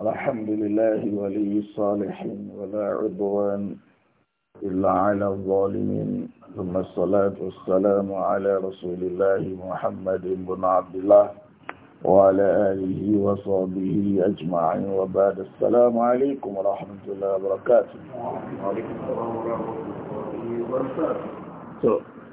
الحمد لله ولي الصالحين ولا عدوان إلا على الظالمين ثم الصلاة والسلام على رسول الله محمد بن عبد الله وعلى آله وصحبه أجمعين وبعد السلام عليكم ورحمة الله وبركاته وعليكم السلام ورحمة الله وبركاته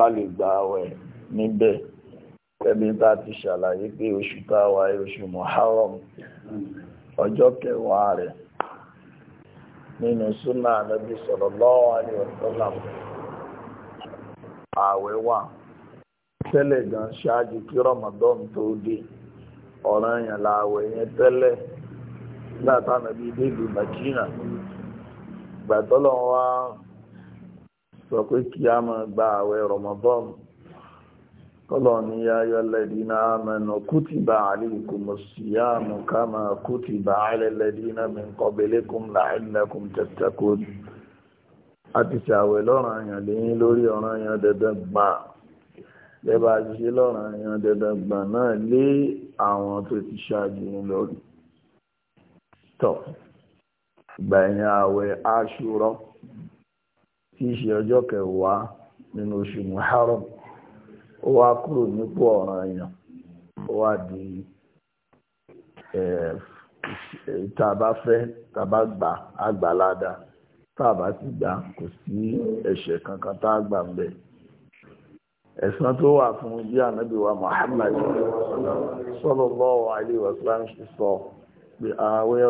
ká lè gba àwẹ̀ níbẹ̀ ẹbí tá ti ṣàlàyé pé oṣù táwa oṣù Muharram ọjọ́ kẹwàá rẹ̀ nínú súnà Ànábì sallallahu alaihi wasallam ààwẹ̀ wà tẹ́lẹ̀ gan ṣáájú kí Ramadan tó dé ọ̀ranyàn láàwẹ̀ yẹn tẹ́lẹ̀ dédé gbàtọ́lọ́wọ́ sọ pé kí a máa gba àwẹ̀ Ramadan kọ́lọ̀ ní yáyọ́ lẹ́dínà amanu kútìbà alaykumus siyamu kama kútìbà ala alladhina min qablikum la'allakum tattaqun àti ṣàwẹ̀ lọ́rọ̀ àyàn lẹ́yìn lórí ọ̀rọ̀ lọ́rọ̀ àyàn ẹ̀yìn àwẹ̀ Àṣúrà tí ọjọ́ kẹwàá nínú oṣù muharram ó wá kúrò nípò ọ̀rọ̀ èèyàn ó wá di tàbá tàbá gbà tàbá ti gbà kò sí ẹ̀ṣẹ̀ kankan tá a ń bẹ̀. ẹ̀san tó wà fún bí ànábì wa Muhammad sọ pé ààwẹ̀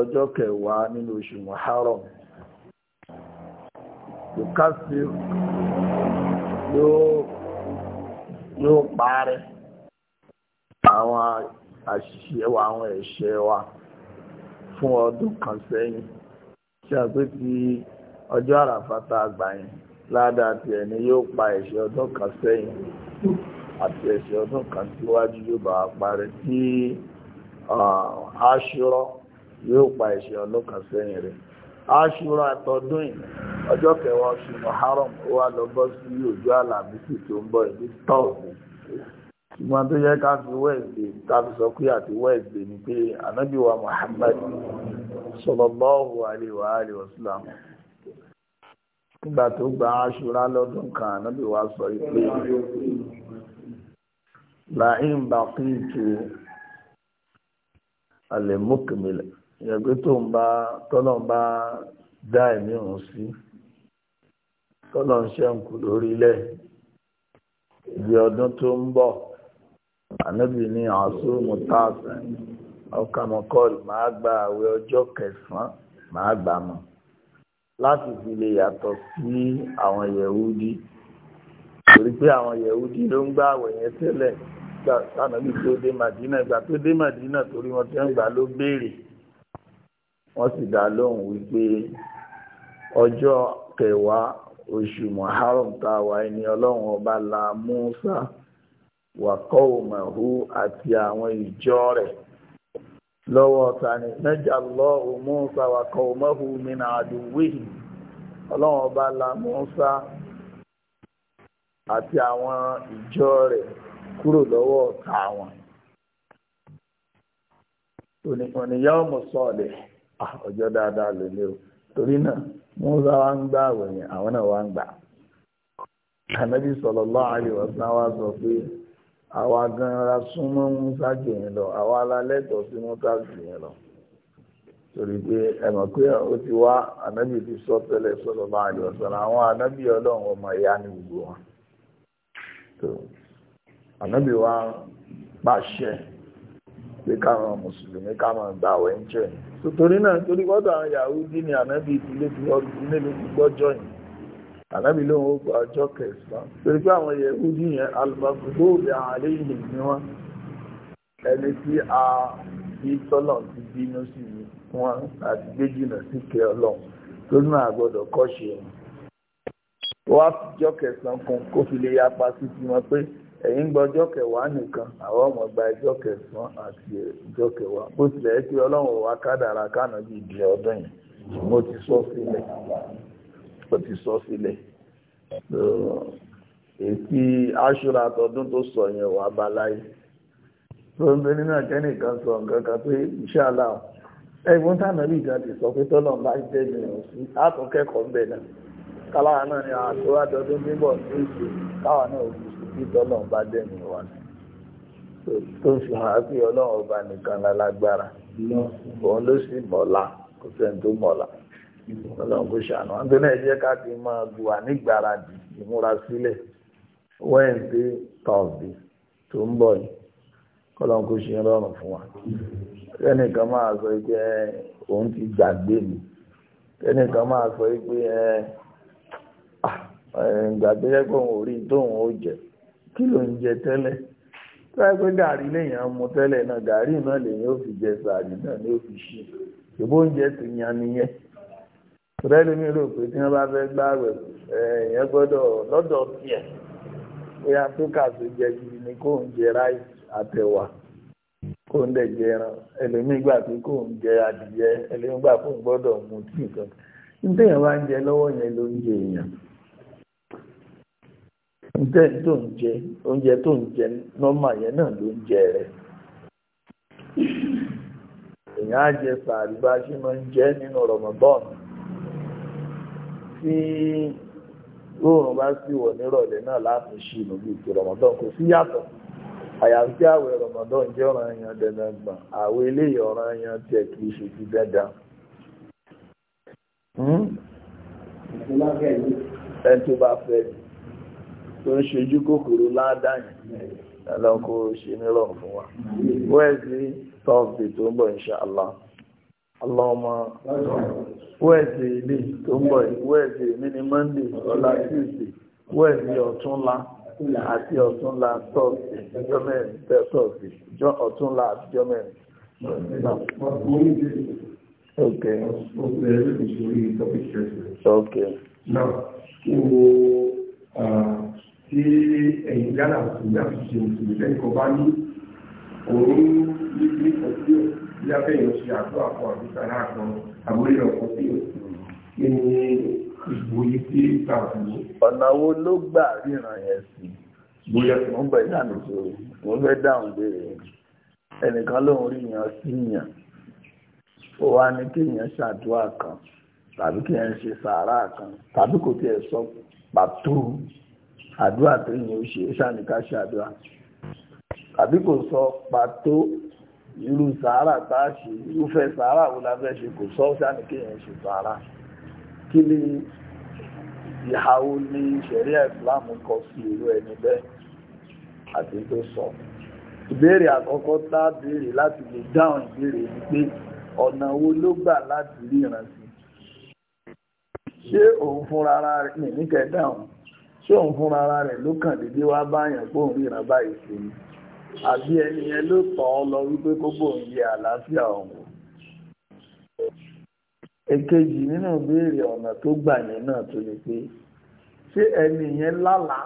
yòókàsí yóò parẹ́ àwọn àṣìṣe wa àwọn ẹ̀ṣẹ̀ wa fún ọdún kan sẹ́yìn tí a pé ti ọjọ́ àràfàtà àgbà yẹn ládàá ti ẹni yóò pa ẹ̀ṣẹ́ ọdún kan sẹ́yìn àti ọdún kan síwájú yóò bá tí ah, pa ọdún kan sẹ́yìn rẹ̀. aṣúra àtọ̀dún atọ ọjọ́ kẹwàá oṣù muharram ó wá sí ojú àlàmísì tó ń bọ̀ ìlú tọ́ọ̀sì ṣùgbọ́n tó yẹ ká fi wẹ́ẹ̀sì ká fi sọ pé àti wẹ́ẹ̀sì ni pé muhammad sallallahu alaihi wa alihi nígbà tó gba aṣúra lọ́dún kan sọ pé ìyàgbé tó ń bá tọ́lọ̀ ń bá dá ẹ̀mí òun sí tọ́lọ̀ ń ṣe ń kú lórílẹ̀ ibi ọdún tó ń bọ̀ ànábì ní àṣù mùtáàsì ọkàmọ́kọ́lù máa gba àwẹ̀ ọjọ́ kẹsàn-án máa gbà mọ́ láti fi lè yàtọ̀ sí àwọn yẹ̀wúdí torí pé àwọn yẹ̀wúdí ló ń gbà àwẹ̀ yẹn tẹ́lẹ̀ gbà sànàbí tó dé màdínà ìgbà tó dé màdínà torí wọn ti ń gbà ló béèrè wọ́n sì dá lóhùn wípé ọjọ́ kẹwàá oṣù muharram táwa ẹni ọlọ́run ọba la Musa wàkọ́ àti àwọn ìjọ rẹ̀ lọ́wọ́ tani mẹ́jà lọ́hùn Musa wàkọ́ òmàhú min àdúwìhì ọlọ́run ọba la Musa àti àwọn ìjọ rẹ̀ kúrò lọ́wọ́ ọ̀tá wọn. ònìyàn mọ̀ sọ̀lẹ̀. Ah, ọjọ́ dáadáa lè lérò torí náà Mùsá wá ń gbà àwẹ̀yìn àwọn náà wá ń gbà ànábì sallallahu alaihi wasallam wá sọ pé àwa gan ra súnmọ́ Mùsá jù yín lọ àwa alálẹ́tọ̀ọ́ sí Mùsá jù lọ torí pé ẹ̀mọ̀ pé ó ti wá ànábì ti sọ tẹ́lẹ̀ sallallahu alaihi wasallam àwọn ànábì ọlọ́run ọmọ ìyá ni gbogbo wọn ànábì wa pàṣẹ pé káwọn mùsùlùmí káwọn gbà wẹ̀ ń jẹ́ so náà torí gbọ́dọ̀ àwọn Yahudi ní ànábì ìdílé ti mélòó ti gbọ́jọ́ yìí ànábì lóun ó gba ọjọ́ kẹsàn-án torí pé àwọn Yahudi yẹn alùpàgbò òbí àárẹ̀ ìlú ni wọ́n ẹni tí a bí tọ́lọ̀ ti bínú sí wọn àti gbé jìnnà sí kẹ ọlọ́run torí náà àgbọ̀dọ̀ kọ́ ṣe wọn. wọ́n á fi ọjọ́ kẹsàn-án kan kó fi lè yapa sí tiwọn pé ẹ̀yin gba ọjọ́ kẹwàá nìkan àwọn ọmọ gba ẹjọ́ kẹsàn àti ẹjọ́ kẹwàá bó tilẹ̀ pé ọlọ́run wa kádàrá kánà bí ìdí ọdún yìí mo ti sọ sílẹ̀ mo ti sọ sílẹ̀ èsì sọ yẹn wà sọ nǹkan kan pé tànà bí ìjà ti sọ pé tọ́lọ̀ bá jẹ́ sí àtúnkẹ́kọ̀ọ́ ń bẹ̀ náà náà ni tí tọ́lọ́run bá dẹ̀mí wa ni tó fi hàn pé ọlọ́run ọba nìkan lálágbára òun ló sì mọ̀lá kò sẹ́ni tó mọ̀lá ọlọ́run kò ṣàánú àti náà ká ti ìmúra sílẹ̀ tó ń bọ̀ yìí kò ṣe rọrùn fún wa máa sọ pé òun ti gbàgbé mi kẹ́nìkan máa sọ pé gbàgbé òun ò rí tóun ó jẹ́ kí ló ń jẹ tẹ́lẹ̀ tó mu tẹ́lẹ̀ náà gàrí náà lèèyàn ó fi jẹ sàárì náà ni fi ṣe ìbò oúnjẹ ti yan nìyẹn tọ́lẹ́lẹ́ mi rò pé tí wọ́n bá fẹ́ rẹ̀ èèyàn gbọ́dọ̀ lọ́dọ̀ tiẹ̀ tó jẹ gidi ni kó ń jẹ àtẹ̀wà kó ń dẹ̀ jẹ ẹran gbà pé kó ń jẹ adìyẹ gbà gbọ́dọ̀ mu ǹjẹ́ tó ń jẹ oúnjẹ tó ń jẹ nọ́mà yẹn náà ló ń jẹ rẹ̀ èèyàn á jẹ sàárì bá ṣe máa ń jẹ nínú Ramadan tí oòrùn bá sì wọ̀ nírọ̀lẹ́ náà láti ṣì lóbi ti Ramadan kò sí yàtọ̀ àyàfi tí àwẹ̀ Ramadan jẹ́ ọ̀ràn èèyàn dandan gbọ̀n àwẹ̀ eléyìí ọ̀ràn èèyàn tiẹ̀ kì í ṣe ti dandan hmm? ẹni tó bá fẹ́ ni tó ń ṣojú kòkòrò ládáyìn ẹlọ́kọ́ ṣe nílọ̀ fún wa wẹ́ẹ̀sì tọ́ọ̀sì tó ń bọ̀ insha Allah Allahumma wẹ́ẹ̀sì ilé tó ń bọ̀ wẹ́ẹ̀sì mini Monday ọ̀la Tuesday wẹ́ẹ̀sì ọ̀túnla àti ọ̀túnla tọ́ọ̀sì jọ́mẹ̀rin tọ́ọ̀sì ọ̀túnla àti jọ́mẹ̀rin. Okay. Okay. Now, kí ni tí ẹ̀yìn gánà òsùn láti ṣe òsùn lẹ́yìn kan bá ní òun ní ní ọtí ò bí abẹ́yẹn ṣe àgbó àpò àbíkà náà kan àbúrí ọkọ̀ sí ò kí ni ìgbòye tí gbà wù. ọ̀nà wo ló gbà ríran yẹn sí bóyá mo ń bẹ̀ dànù sórí mo fẹ́ dáhùn béèrè ẹnìkan lòun rí yan sí yàn ó wá ní kéèyàn ṣàdúrà kan tàbí kéèyàn ṣe sàárà kan tàbí kò tiẹ̀ sọ pàtó àdúrà tó ní ó ṣe ṣàníká ṣe àdúrà tàbí kò sọ pàtó irú sàárà tá a ṣe irúfẹ́ sàárà wo la fẹ́ ṣe kò sọ ṣàníkí yẹn ṣe sàárà kí ni ìhàwó ní ṣẹ̀ríà ìsìláàmù kọ sí irú ẹni bẹ́ẹ̀ àti tó sọ ìbéèrè àkọ́kọ́ tá béèrè láti lè dáhùn ìbéèrè ni pé ọ̀nà wo ló gbà láti rí ìrántí ṣé òun fúnra rẹ̀ nìkẹ́ dáhùn ṣé òun fúnra ara rẹ̀ ló kàn dédé wá báyàn pé òun ríran báyìí sí ni àbí ẹni yẹn ló tọ̀ ọ́ lọ wípé kó bóun yẹ àlàáfíà ọ̀hún èkejì nínú ìbéèrè ọ̀nà tó gbà yẹn náà tó lè pé ṣé ẹni yẹn lálàá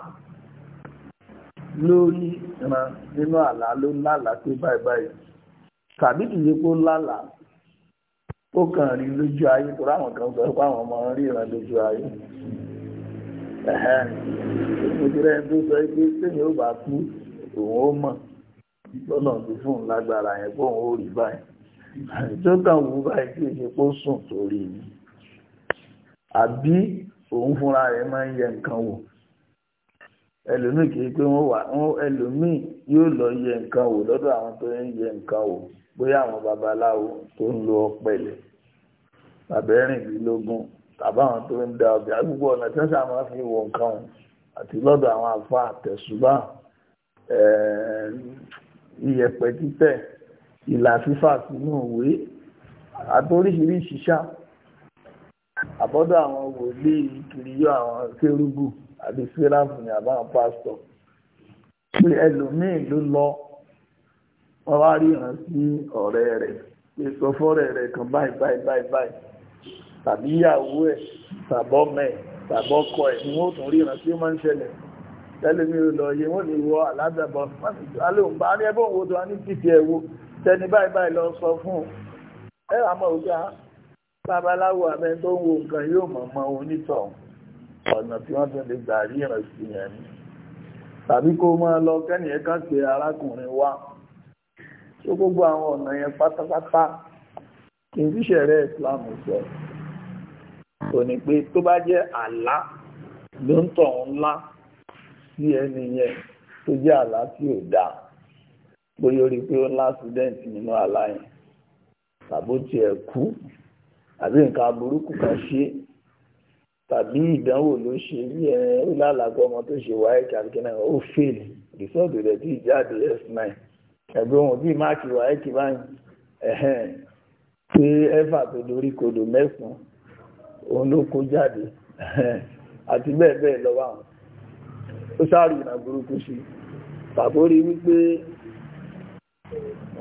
lórí ran nínú àlá ló lálàá pé báyìí báyìí tàbí kìí pé ó lálàá ó kàn rí lójú ayé tó ráwọn kan sọ pé àwọn ọmọ ríran lójú ayé ojúrẹ́ tó sọ pé sẹ́yìn ó bá kú òun ó mọ̀ lọ́nà tó fún un lágbára yẹn pé òun ó rí báyìí àjọ kan wù báyìí kí èsì pó sùn torí ni àbí òun fúnra rẹ̀ máa ń yẹ nǹkan wò ẹlòmíì kì í pé wọ́n wà ẹlòmíì yóò lọ yẹ nǹkan wò lọ́dọ̀ àwọn tó ń yẹ nǹkan wò bóyá àwọn babaláwo tó ń lo ọ̀pẹ̀lẹ̀ bàbá ẹ̀rìndínlógún tàbáwọn tó ń da ọbẹ̀ àgbègbè ọ̀nà tí wọ́n sá máa fi wọ nǹkan wọn àti lọ́dọ̀ àwọn àfa àtẹ̀sùbá iyẹ̀pẹ̀ títẹ̀ ìlà fífà sínú òwe àtòríṣiríṣi ṣá àbọ́dọ̀ àwọn wòlíì kìrìyọ́ àwọn kérúbù àbí sẹ́ráfù ní àbáwọn pásítọ̀ pé ẹlòmíì ló lọ wọ́n wá ríran sí ọ̀rẹ́ rẹ̀ pé sọ fọ́rẹ̀ rẹ̀ kan báyìí báyìí báyìí báyìí tàbí ìyàwó ẹ̀ tàbọ́mẹ̀ tàbọ́kọ̀ ẹ̀ ni wọ́n tún ríran tí ó máa ń ṣẹlẹ̀ tẹ́lẹ̀ mi ò lọ yé wọ́n lè wọ aládàbọ̀ alóhùnbá ní ẹbọ̀n wo tó a ní títí ẹ̀ wo tẹni báyìí báyìí lọ sọ fún ẹ àmọ́ òjá babaláwo tàbí kó máa lọ kẹ́nìyàn kan pé arákùnrin wa tó gbogbo àwọn ọ̀nà yẹn pátápátá kì ṣẹ̀rẹ́ ìsìlámù sọ̀rọ̀ ò ni pé tó bá jẹ́ àlá ló ń tọ̀ ńlá sí ẹni yẹn tó jẹ́ àlá tí ò dáa bóyá ó rí i pé ó ń lá accident nínú àlá yẹn tàbó tiẹ̀ kú àbí nǹkan burúkú kan ṣe tàbí ìdánwò ló ṣe bí ẹ ó lálàgbọ́ ọmọ tó ṣe wáyé kàbíkẹ́ náà ó fèlì rìsọ́ọ̀tù rẹ̀ tí ìjáde s9 ẹ̀gbọ́n òun bíi máàkì wáyé kì báyìí pé ẹ̀fà tó dorí kodò mẹ́sàn-án òun ló kó jáde àti bẹ́ẹ̀ lọ́wọ́ àwọn ó sáàrù ìrìnà burúkú sí tàbórí wípé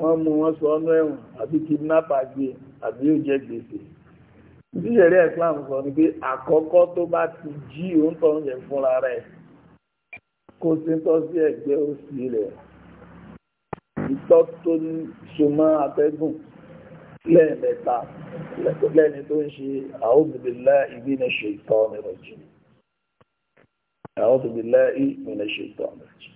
wọ́n mú wọn sọ ọ́nà ẹ̀wọ̀n àbí kidnapper gbé e, àbí ó jẹ́ gbèsè ìdíjẹ̀rẹ́ Islam sọ ni pé àkọ́kọ́ tó bá ti jí òǹtọ̀ yẹn fúnra rẹ̀ kó sí tọ́ sí ẹ̀gbẹ́ òsì rẹ̀ ìtọ́ tó so atẹ́gùn lẹ́ẹ̀mẹ́ta lẹ́ni tó ń ṣe a'udhu billahi minash shaitani rajim a'udhu billahi minash shaitani rajim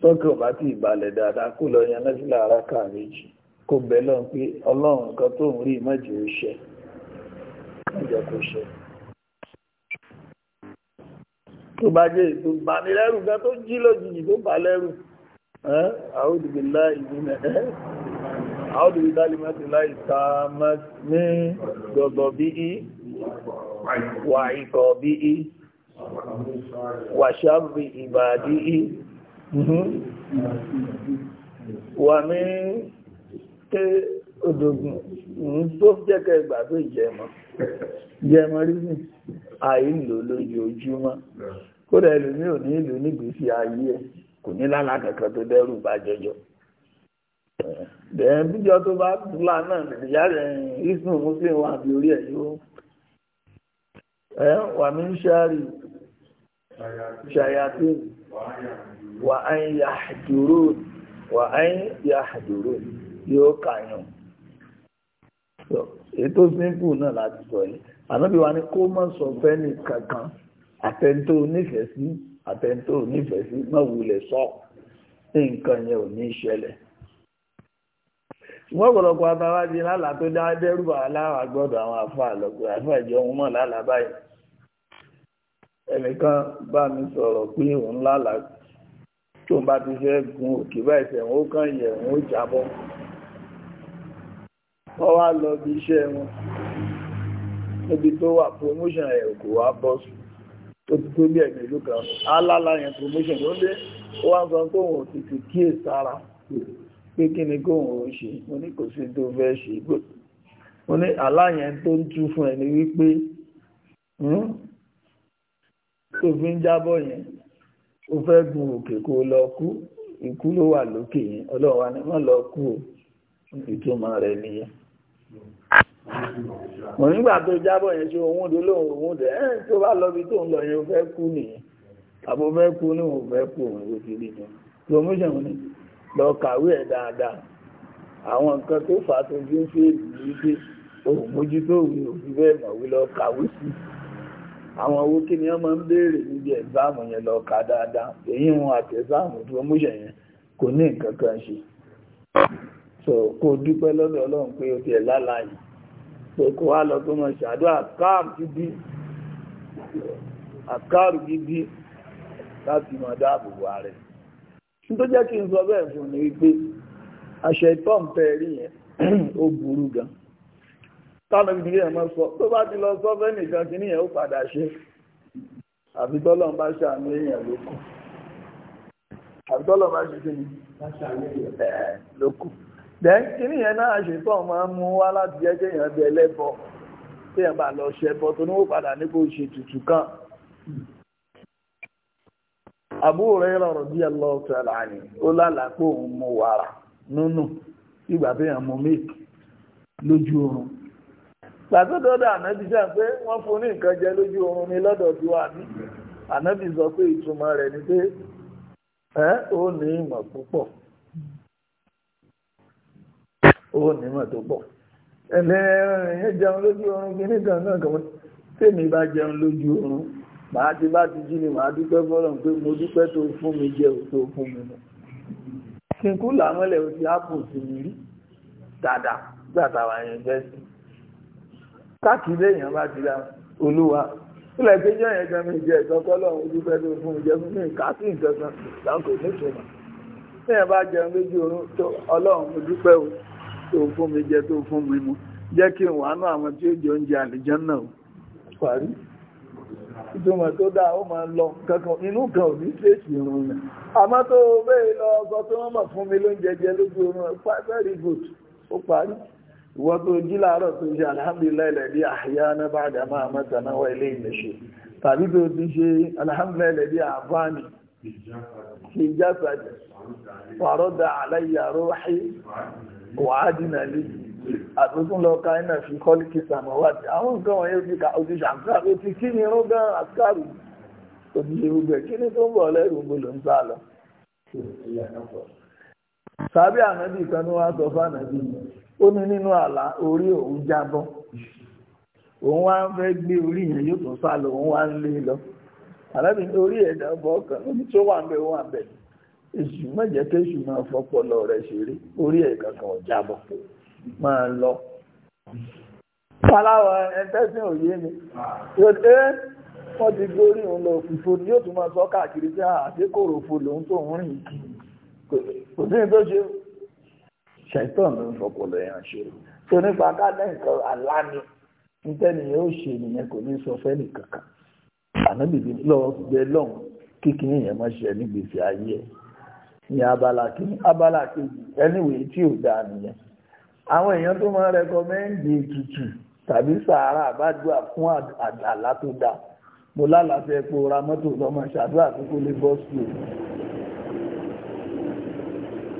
tọ́kọ̀ bá ti ìbàlẹ̀ dáadáa kó lọ yan lẹ́sílà ara ká méjì kó bẹ̀ lọ́n pé ọlọ́run nǹkan tó ń rí mọ́jì ó ṣẹ mọ́jọ kó ṣẹ tó bá jẹ́ ètò ìbánilẹ́rù gan tó jí lójijì tó bá lẹ́rù a'udhu billahi minash àwọn olùrí dálímẹ́tì láì sáàmà ní gbọ̀gbọ̀ bí i wà ikọ̀ bí i wà ṣàbí ìbàdí i mhm, wà ní ké odògùn ń mhm, tó jẹ́kẹ́ ìgbà tó jẹmọ́ jẹmọ́ rí sí àìlò lójoojúmọ́ kódà ìlú ní òní ìlú nígbèsí ayé ẹ̀ kò ní lálàkẹ́kẹ́ tó dẹ́rù bá jọjọ́ bíjọ tó bá dúlà náà ìyá rẹ̀ ismu muslim wà bí orí ẹ̀ yóò wà mí ń ṣáàrì ṣàyàtì wà á ń wà simple náà láti sọ yìí ànábì wa ni kó sọ fẹ́ni kankan àtẹ̀ntò nífẹ̀ẹ́ sí sí ṣùgbọ́n ọ̀pọ̀lọpọ̀ abáwájẹ lálàá tó dá dẹ́rùbà aláwà gbọ́dọ̀ àwọn àfáà lọ́gbọ̀ àfáà ìjọ ohun mọ̀ lálàá báyìí ẹnìkan bá mi sọ̀rọ̀ pé òun lálàá tó ń bá ti fẹ́ gun òkè bá ẹsẹ̀ wọn ó kàn yẹ̀ wọn ó jábọ́ wọ́n wá lọ bí iṣẹ́ wọn níbi tó wà promotion ẹ̀ kò wá bọ́ tó ti tó bí ẹ̀mí ìlú kan alálàá yẹn promotion ló dé ó wá sọ pé òun ò tètè kíyè sára pé kí ni kó òun ṣe mo ní kò sí tó fẹ́ ṣe mo ní aláyẹn tó ń tú fún ẹni wípé hmm? tó fi ń jábọ̀ yẹn ó fẹ́ gun òkè kó lọ kú ikú ló wà lókè yẹn ọlọ́wà ni wọ́n lọ kú o ìtumọ̀ rẹ̀ nìyẹn mo nígbà tó jábọ̀ yẹn ṣe òun òde lóhun òun òde ẹ̀ tó bá lọ bí tó ń lọ yẹn ó fẹ́ kú nìyẹn àbò fẹ́ kú ní òun fẹ́ kú òun ló fi rí yẹn promotion ni lọ kàwé ẹ̀ dáadáa àwọn nǹkan tó fà á tó fi ń ṣe èlú wípé òun mójútó òun ò fi bẹ́ẹ̀ mọ̀wé lọ kàwé sí àwọn owó kí ni wọ́n máa ń béèrè níbi ẹ̀gbáàmù yẹn lọ kà dáadáa èyí wọn àti ẹ̀gbáàmù promotion yẹn kò ní nǹkan kan ṣe so kó dúpẹ́ lọ́dọ̀ ọlọ́run pé o ti ẹ̀ lálàyé so kó wá lọ tó máa ṣàdúrà káàmù gidi àkáàrù gidi láti máa dáàbò bo ààrẹ tí tó jẹ́ kí n sọ bẹ́ẹ̀ fún ní wípé àṣẹ ìtọ́m tẹ̀rí yẹn ó burú gan tánà ibi yẹn mọ́ sọ tó bá ti lọ sọ fẹ́ nìkan kí nìyẹn ó padà ṣe àfi tọ́lọ̀ bá ṣàánú èèyàn ló kù àfi tọ́lọ̀ bá ṣe kí ni ló kù dẹ́n kí nìyẹn náà àṣẹ ìtọ́m máa ń mú wá láti jẹ́ kéèyàn bẹ ẹlẹ́bọ kéèyàn bá lọ ṣẹbọ tó ní ó padà nípò ṣe tutù kan Abu Hurairah radiyallahu ta'ala anhu ó lálàpọ̀ òun mu wàrà nínú ìgbà tó yàn mú méèkì lójú oorun gbàtọ́dọ́dọ́ ànábì sàn pé wọ́n fún ní nǹkan jẹ lójú oorun ni lọ́dọ̀ tí wà ní ànábì sọ pé ìtumọ̀ rẹ̀ ni pé ẹ́ ó ní ìmọ̀ púpọ̀ ó ní ìmọ̀ tó pọ̀ ẹ̀lẹ́ ẹ̀yẹn jẹun lójú oorun kí nígbà náà kàn tèmi bá jẹun lójú oorun màá ti bá ti jí ni màá dúpẹ́ fọ́lọ̀ pé mo dúpẹ́ tó fún mi jẹ òtó fún mi mọ́ kí n kú làwọn ẹlẹ́ o ti ápù sí mi rí dáadáa gbàtà wà yẹn bẹ́ẹ̀ sí káàkiri èèyàn bá ti ra olúwa ilẹ̀ tó jẹ́ yẹn gan mi jẹ ìtọ́kọ́lọ́ mo dúpẹ́ tó fún mi jẹ fún mi kà sí nǹkan kan láǹkó nítumọ̀ tí èèyàn bá jẹun lójú oorun tó ọlọ́run mo dúpẹ́ o tó fún mi jẹ tó fún mi mu jẹ́ kí n wà àwọn tí ó jẹ oúnjẹ àlùjànnà o ìtumọ̀ tó dáa ó máa lọ kankan inú kan ò ní ṣèṣì irun rẹ̀ àmọ́ tó lọ tó wọ́n mọ̀ fún mi ló ń jẹjẹ lójú oorun very good ó parí ìwọ tó jí láàárọ̀ tó ṣe alhamdulilayi lẹ́bí náà bá dà àtúntún lọ ka iná fi kọ́líkì sàmọ́wàtí àwọn nǹkan wọ̀nyí ó ti ka ó ti kí ni irun gan àṣàrù gbogbo ẹ̀ kí ń bọ̀ lọ. sábẹ́ ànábì kan sọ ó ní nínú àlá orí òun jábọ́ òun wá fẹ́ gbé orí yẹn yóò lọ òun wá ń kan ó ní tó wà ń lọ rẹ̀ ṣeré máa lọ aláwọ̀ ẹ̀ntẹ́sìn òye mi ẹ́ wọ́n ti gorí òun lọ òfìfò ní ó tún máa sọ káàkiri pé àti kòròfò lòun tó ń rìn kò sí tó ṣe ṣẹ̀tàn ló ń fọpọlọ ẹ̀yàn ṣe tó nípa kálẹ̀ nǹkan ni. nítẹ́ni yóò ṣe nìyẹn kò ní sọ fẹ́ nìkankan gbẹ lọ́hùn kíkiri yẹn máa ṣe ayé ní abala kejì tí ò dáa àwọn èèyàn tó máa rẹkọmẹ́ǹdì ètùtù tàbí sàárà àbájúà fún àlá tó dáa mo lálàáfẹ́ epo ra mọ́tò lọ́mọ ṣàdúrà tó kó lè bọ́ sí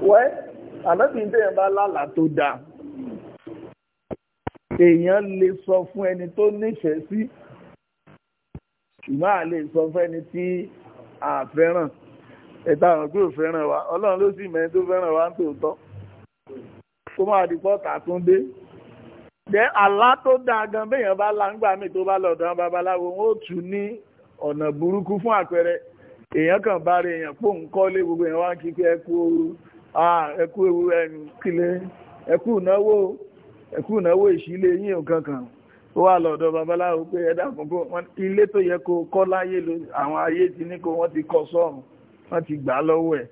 wẹ́ àlọ́bí ń tẹ́yẹ̀ bá lálàá tó dáa èèyàn lè sọ fún ẹni tó nífẹ̀ẹ́ sí ìmọ̀ àlè sọ fún ẹni tí a fẹ́ràn ẹ̀ta àwọn tó fẹ́ràn wa ọlọ́run ló sì mẹ́ni tó fẹ́ràn wa ń tòótọ́ kó máa di pọ́ta tún dé jẹ́ àlá tó dáa gan béèyàn bá láǹgbà mi tó bá lọ́dọ̀ babaláwo wọn ó tù ní ọ̀nà burúkú fún àpẹẹrẹ èèyàn kan bá rí èèyàn pò ń kọ́lé gbogbo èèyàn wá ń kí pé ẹkú ooru ẹkú ewu ẹnu kílẹ̀ ẹkú ìnáwó ẹkú ìnáwó ìṣílé yín nǹkan kan ó wà lọ́dọ̀ babaláwo pé ẹ dákun kó ilé tó yẹ kó kọ́ láyé ló àwọn ayé ti ní kó wọ́n ti kọ́ sọ́ọ̀rùn wọ́n ti gbà lọ́wọ́ ẹ̀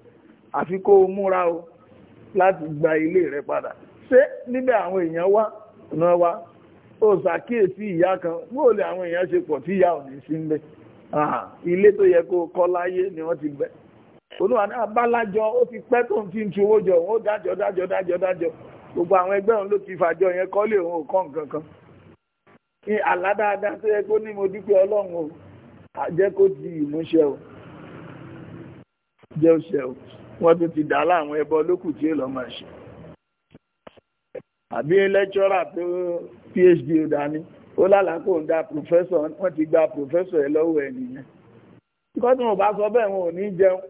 àfi kó o múra o láti gba ilé rẹ̀ padà ṣé níbẹ̀ àwọn èèyàn wá ọ̀nà wa ó ṣàkíyèsí ìyá kan bóò lè àwọn èèyàn ṣe pọ̀ tí ìyá ò ní sí ńbẹ̀ ilé tó yẹ kó kọ́ láyé ni wọ́n ti gbẹ́ olúwa ní abálájọ ó ti pẹ́ tó ń ti ń tu owó jọ òun ó dájọ́ dájọ́ dájọ́ dájọ́ gbogbo àwọn ẹgbẹ́ òun ló ti fàjọ yẹn kọ́lé òun ò kọ́ nǹkan kan ní àládáadáa tó yẹ kó ní mo dúpẹ́ ọlọ́run o jẹ́ kó di ìmúṣẹ o jẹ́ òṣẹ wọ́n tún ti dá láwọn ẹbọ lókù tí èlò máa ṣe àbí lẹ́kṣọ́rà tó phd ó dání ó lálàákò ń dá professor, wọ́n ti gba pòfẹ́sọ̀ ẹ lọ́wọ́ ẹ nìyẹn nǹkan tí wọn bá sọ bẹ́ẹ̀ wọn ò ní jẹun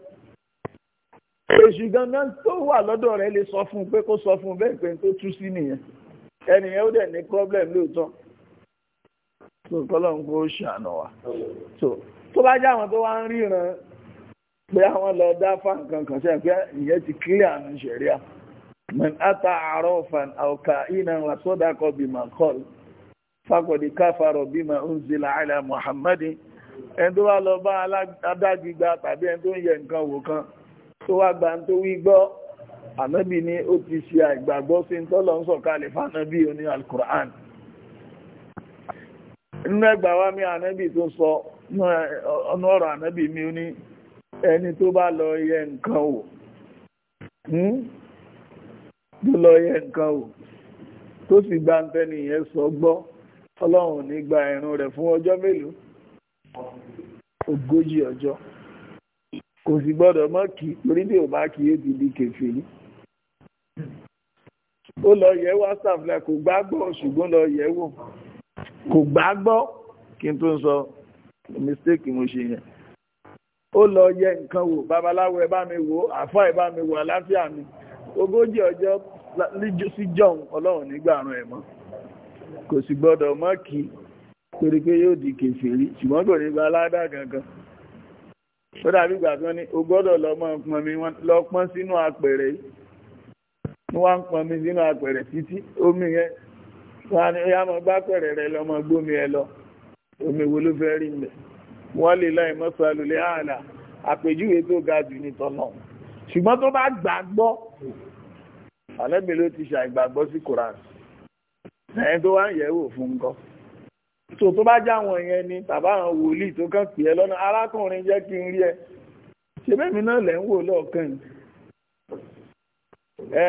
èṣù gangan tó wà lọ́dọ̀ rẹ̀ lè sọ fún un pé kó sọ fún un bẹ́ẹ̀ pé tó tú sí nìyẹn ẹnìyẹn ó dẹ̀ ní problem lóòótọ́ so kọ́lọ́n kó ṣàánú wa tó bá jẹ́ àwọn tó wá ń ríran pé àwọn lọ dá fáǹkan kan sẹ́yìn pé ìyẹn ti kílẹ̀ àmì ṣẹ̀ríà man ata arofan auka ina wa sodako kọl káfàrọ bí ala muhammadin ẹni tó wá lọ bá adágbígba tàbí ẹni tó ń yẹ nǹkan wò kan tó wá gba tó wí gbọ́ ànábì ni ó ti ṣe àìgbàgbọ́ sí tọ́lọ ń sọ̀kalẹ̀ fánábì oní alukur'an nínú ẹgbàá wa sọ ọ̀nà ọ̀rọ̀ ànábì ẹni tó bá lọ yẹ nǹkan wò hmm? tó lọ yẹ nǹkan wò tó sì gba ń tẹ́ni yẹn sọ gbọ́ ọlọ́run ní gba ẹ̀rùn rẹ̀ fún ọjọ́ mélòó ogójì ọjọ́ kò sì gbọ́dọ̀ mọ́ kí torí ò bá kí èdè di kẹfì yìí ó lọ yẹ whatsapp lẹ kò gbàgbọ́ ṣùgbọ́n lọ yẹ wò kò gbàgbọ́ kí n tó sọ mistake mo ṣe yẹn ó lọ yẹ nǹkan wò babaláwo ẹ bá mi wò àfá ẹ bá mi wò àlàáfíà mi ogójì ọjọ sí john ọlọ́run nígbà kò sì gbọdọ mọ kí torí yóò di kèfèrí ṣùgbọ́n kò ní gba aládà kankan ó kan ní o gbọdọ lọ mọ́ pọn mi lọ pọn sínú apẹ̀rẹ̀ yìí wọ́n pọn mi sínú omi yẹn á ní rẹ lọ omi wo ló rí wọ́n lè láì mọ́sàlù lè ààlà àpèjúwe tó ga jù ní tọ́nà ṣùgbọ́n tó bá gbàgbọ́ àlẹ́bí ló ti ṣàìgbàgbọ́ sí koran ẹni tó wá ń yẹ̀wò fún nǹkan tó tó bá jáwọn yẹn ni tàbá àwọn wòlíì tó kàn pè é lọ́nà arákùnrin jẹ́ kí n rí ẹ ṣebẹ́mi náà lẹ́ ń wò lọ́ọ̀kan ẹ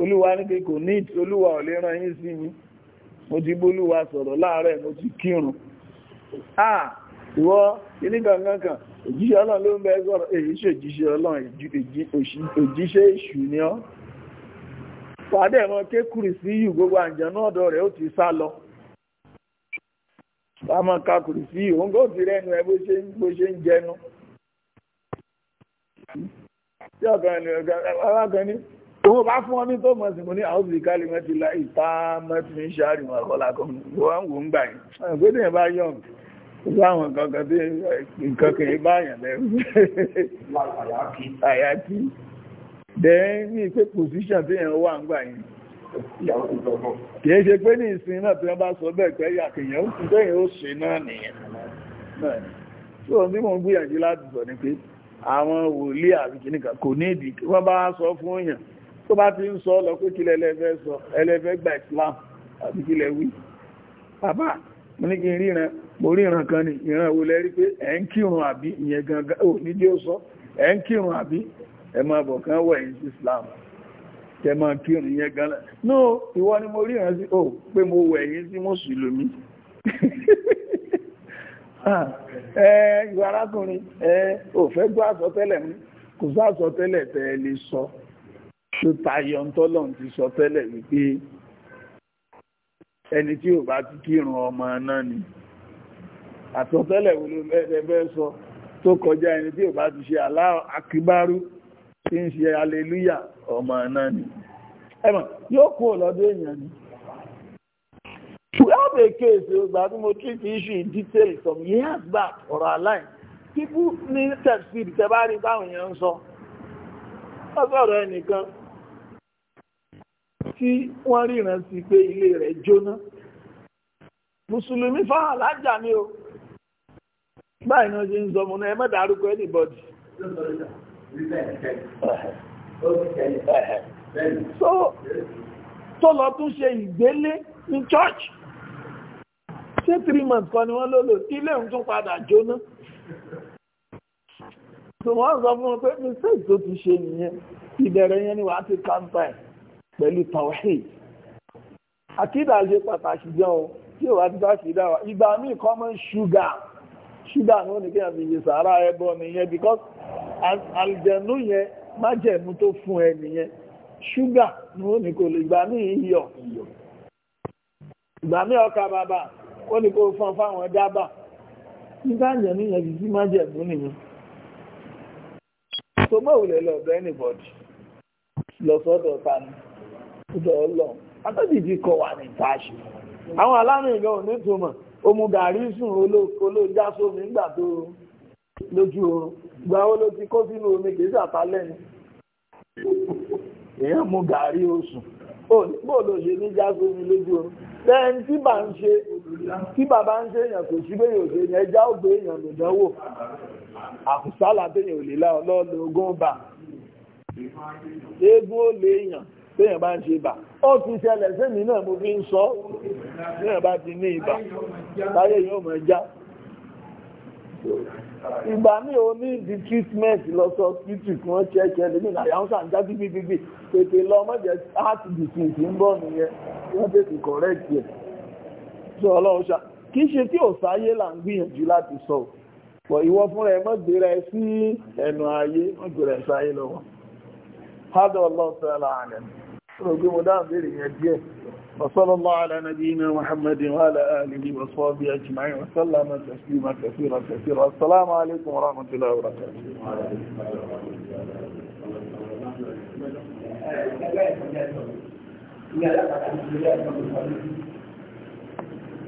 olúwa ní pé kò ní olúwa ò lè rán yín sí mi mo ti bólúwa sọ̀rọ̀ láàárẹ̀ mo ti kírun ah! ìwọ́ kìníkànkan kan òjíṣẹ́ ọlọ́run ló ń bẹ́ sọ̀rọ̀ èyí ṣe òjíṣẹ́ ọlọ́run òjíṣẹ́ èṣù ni ọ́ pàdé ẹ̀mọ́ kékùrì sí yù gbogbo àjẹ̀nú ọ̀dọ̀ rẹ̀ ó ti sá lọ àmọ́ kakùrì sí yù òun kò ti rẹ́nu ẹ bó ṣe ń jẹnu tí ọ̀kan ni ọ̀kan ni òun bá fún ọ ní tó mọ̀ sí mo ní àwọn òbí kálí mẹ́tìlá ìta mẹ́tìlá ìṣàrìmọ̀ àkọlà kan wọ́n wò ń gbà yín àgbẹ̀dẹ̀ láwọn kankan tí nǹkan kìí báyàn lẹ́rù àyàkí dẹ̀ ní pé pòsíṣàn tí èèyàn wà ń gbà yìí kìí ṣe pé ní ìsin náà tí wọ́n bá sọ bẹ́ẹ̀ pé yàkìyàn ó tún tẹ́yìn ó ṣe náà nìyẹn tí wọ́n tí mò ń gbìyànjú láti sọ ni pé àwọn wòlíì àbí kìnnìkan kò ní ìdí kí wọ́n bá sọ fún èèyàn tó bá ti ń sọ lọ pé mo rí ìran kan ní ìran wo lẹ́rí pé ẹ̀ ń kírun àbí ìyẹn gangan ò ní dé ó sọ ẹ̀ ń kírun àbí ẹ máa bọ̀ kán wẹ̀ ní Islam tẹ máa kírun ìyẹn gangan no ìwọ ni mo rí ìran sí ò pé mo wẹ̀ yín sí mùsùlùmí ah, ìwà arákùnrin ò fẹ́ gbọ́ àsọtẹ́lẹ̀ mi kò sọ àsọtẹ́lẹ̀ tẹ́ ẹ lè sọ tó tayọ ń tọ́lọ̀ ẹni tí ò bá ti kírun ọmọ náà ni àtọ̀tẹ́lẹ̀ wo ló sọ tó kọjá ẹni tí ò bá ti ṣe Allahu akíbárú tí ń ṣe aleluya ọmọ náà ni ẹmọ̀ yóò kú ọ̀lọ́dọ̀ èèyàn ni we have a case ìgbà tí mo treat the issue in detail from years back ọ̀rọ̀ aláì pípú ní tẹ̀síìdì tẹ́bá rí báwọn èèyàn ń sọ ọ̀sọ̀rọ̀ ẹnìkan tí wọ́n ríran sí pé ilé rẹ̀ jóná mùsùlùmí fáwọn alájà mi o báyìí náà ṣe ń sọ mọ́ náà ẹ má dárúkọ anybody so tó lọ tún ṣe ìgbélé ní church ṣé three months kan ni wọ́n ló lò ilé òun tún padà jóná so wọ́n sọ fún wọn pé mistake tó ti ṣe nìyẹn ìbẹ̀rẹ̀ yẹn ni wàá ti campaign pẹ̀lú tawhid àkídà ṣe pàtàkì jẹun tí ò wá ti bá ṣe dáwà ìgbà míì common sugar ṣúgà ní òní kí a fi yẹ sàárà ẹbọ nìyẹn because àlìjẹ̀nú yẹn májẹ̀mú tó fún ẹ nìyẹn ṣúgà ní òní kò lè gbà ní iyọ̀ ìgbà ní ọkà bàbà ó ní kó fún fáwọn dábà nígbà àjẹ̀nú yẹn fi sí májẹ̀mú nìyẹn tó mọ̀ òlẹ̀ lọ bẹ́ẹ̀ nìbọ̀dì lọ sọ́dọ̀ ta ni ọdọ̀ ọlọ́run adọ́dìdì kọ wà ní ìtaṣe àwọn alámì ìgbà ò ní túmọ̀ ó mu gàrí sùn olóko ló já sómi nígbà tó lójú oorun gba owó ló ti kó sínú omi kì í sàtálẹ̀ ni èèyàn mu gàrí oṣù ó ní bó ló ṣe ní já sómi lójú oorun lẹ́yìn tí bá ń ṣe tí bàbá ń ṣe èèyàn kò sí pé yóò ṣe èèyàn ẹja ó gbé èèyàn lò àkùsálà téèyàn ò lè lá ọlọ́ọ̀lọ́ ogún bà eégún ó lè èèyàn téèyàn bá ń ṣe bà ó ti ṣẹlẹ̀ sẹ́mi náà mo fi ń sọ ní ẹ̀bá ti ní ibà táyé yóò mọ̀ já ìgbà ní o ní ìdí treatment lọ́sọ̀ títì kí wọ́n ṣẹ́ẹ̀kẹ́ lèmi náà yàwó sàn já bíbí bíbí tètè lọ mọ́jẹ̀ heart disease ń nìyẹn wọ́n yẹ sọ ṣe tí ò sáyé là ń gbìyànjú ẹ̀ وصلى الله على نبينا محمد وعلى آله وصحبه أجمعين وسلم تسليما كثيرا كثيرا السلام عليكم ورحمة الله وبركاته